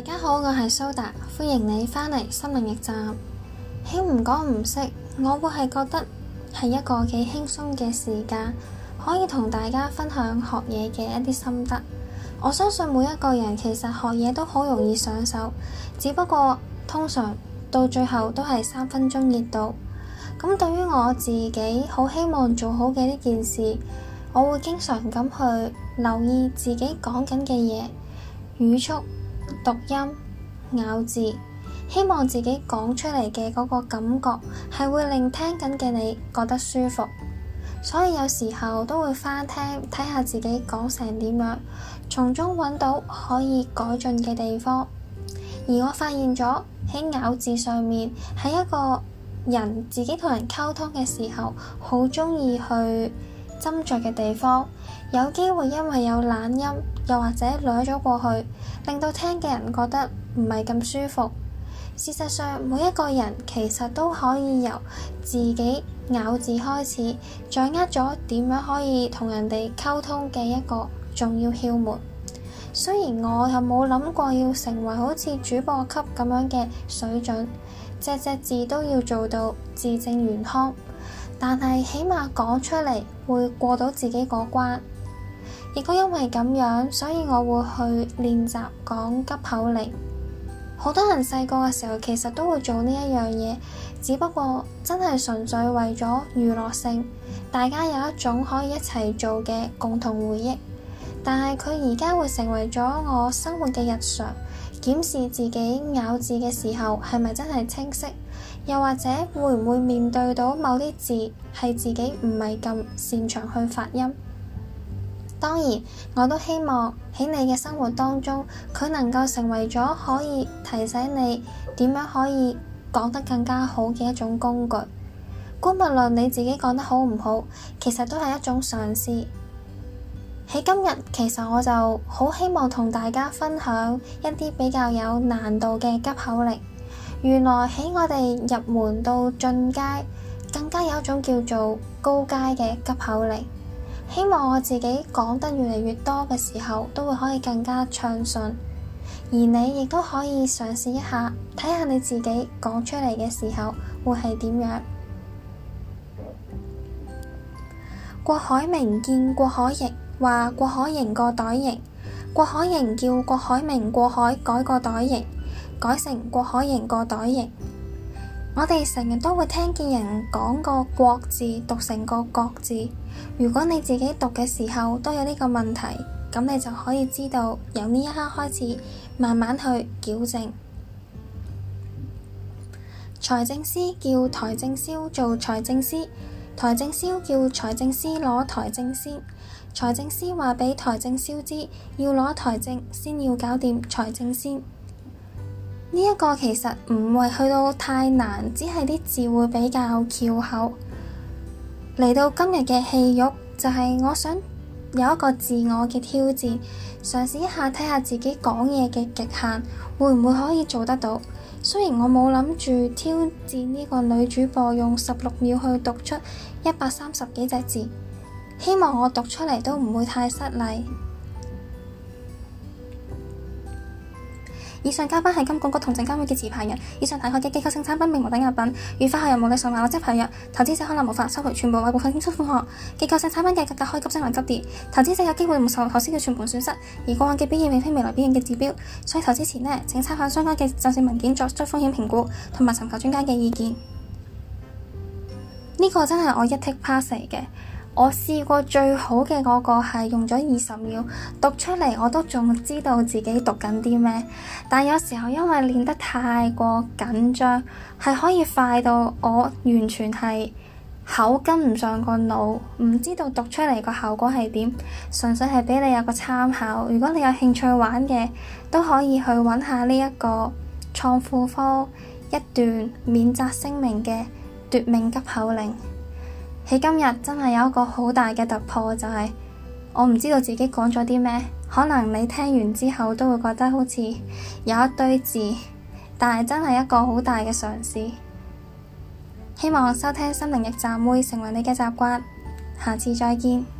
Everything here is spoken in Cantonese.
大家好，我係蘇達，歡迎你返嚟心靈驛站。吾港吾識，我會係覺得係一個幾輕鬆嘅時間，可以同大家分享學嘢嘅一啲心得。我相信每一個人其實學嘢都好容易上手，只不過通常到最後都係三分鐘熱度。咁對於我自己好希望做好嘅呢件事，我會經常咁去留意自己講緊嘅嘢。語速。讀音咬字，希望自己講出嚟嘅，嗰個感覺係會令聽緊嘅你覺得舒服，所以有時候都會翻聽睇下自己講成點樣，從中揾到可以改進嘅地方。而我發現咗喺咬字上面，喺一個人自己同人溝通嘅時候，好中意去斟酌嘅地方，有機會因為有懶音，又或者掠咗過去，令到聽嘅人覺得唔係咁舒服。事實上，每一個人其實都可以由自己咬字開始，掌握咗點樣可以同人哋溝通嘅一個重要竅門。雖然我又冇諗過要成為好似主播級咁樣嘅水準，只隻字都要做到字正腔圓。但係起碼講出嚟會過到自己嗰關，亦都因為咁樣，所以我會去練習講急口令。好多人細個嘅時候其實都會做呢一樣嘢，只不過真係純粹為咗娛樂性，大家有一種可以一齊做嘅共同回憶。但係佢而家會成為咗我生活嘅日常，檢視自己咬字嘅時候係咪真係清晰。又或者會唔會面對到某啲字係自己唔係咁擅長去發音？當然，我都希望喺你嘅生活當中，佢能夠成為咗可以提醒你點樣可以講得更加好嘅一種工具。姑勿論你自己講得好唔好，其實都係一種嘗試。喺今日，其實我就好希望同大家分享一啲比較有難度嘅急口令。原來喺我哋入門到進階，更加有一種叫做高階嘅急口令。希望我自己講得越嚟越多嘅時候，都會可以更加暢順。而你亦都可以嘗試一下，睇下你自己講出嚟嘅時候會係點樣。郭海明見郭海瑩，話郭海瑩個袋型，郭海瑩叫郭海明過海改個袋型。改成國可型個袋形。我哋成日都會聽見人講個國字讀成個國字。如果你自己讀嘅時候都有呢個問題，咁你就可以知道由呢一刻開始慢慢去矯正。財政司叫，叫財政消做財政司，財政消叫財政司攞財政先。財政司話畀財政消知要攞財政先要搞掂財政先。呢一個其實唔會去到太難，只係啲字會比較翹口。嚟到今日嘅戲肉，就係我想有一個自我嘅挑戰，嘗試一下睇下自己講嘢嘅極限，會唔會可以做得到？雖然我冇諗住挑戰呢個女主播用十六秒去讀出一百三十幾隻字，希望我讀出嚟都唔會太失禮。以上加班係金管局同證監會嘅持牌人，以上提及嘅機構性產品並無抵押品，如發行人無利上限或者違約，投資者可能無法收回全部或部分應收款項。機構性產品嘅價格,格可以急升或急跌，投資者有機會承受投資嘅全盤損失。而過往嘅表現並非未來表現嘅指標，所以投資前呢，請參考相關嘅上市文件作出風險評估同埋尋求專家嘅意見。呢、呢個真係我一 take pass 嚟嘅。我試過最好嘅嗰個係用咗二十秒讀出嚟，我都仲知道自己讀緊啲咩。但有時候因為練得太過緊張，係可以快到我完全係口跟唔上個腦，唔知道讀出嚟個效果係點。純粹係俾你有個參考，如果你有興趣玩嘅，都可以去揾下呢一個創富科一段免責聲明嘅奪命急口令。喺今日真係有一個好大嘅突破，就係、是、我唔知道自己講咗啲咩，可能你聽完之後都會覺得好似有一堆字，但係真係一個好大嘅嘗試。希望收聽心靈驛站會成為你嘅習慣，下次再見。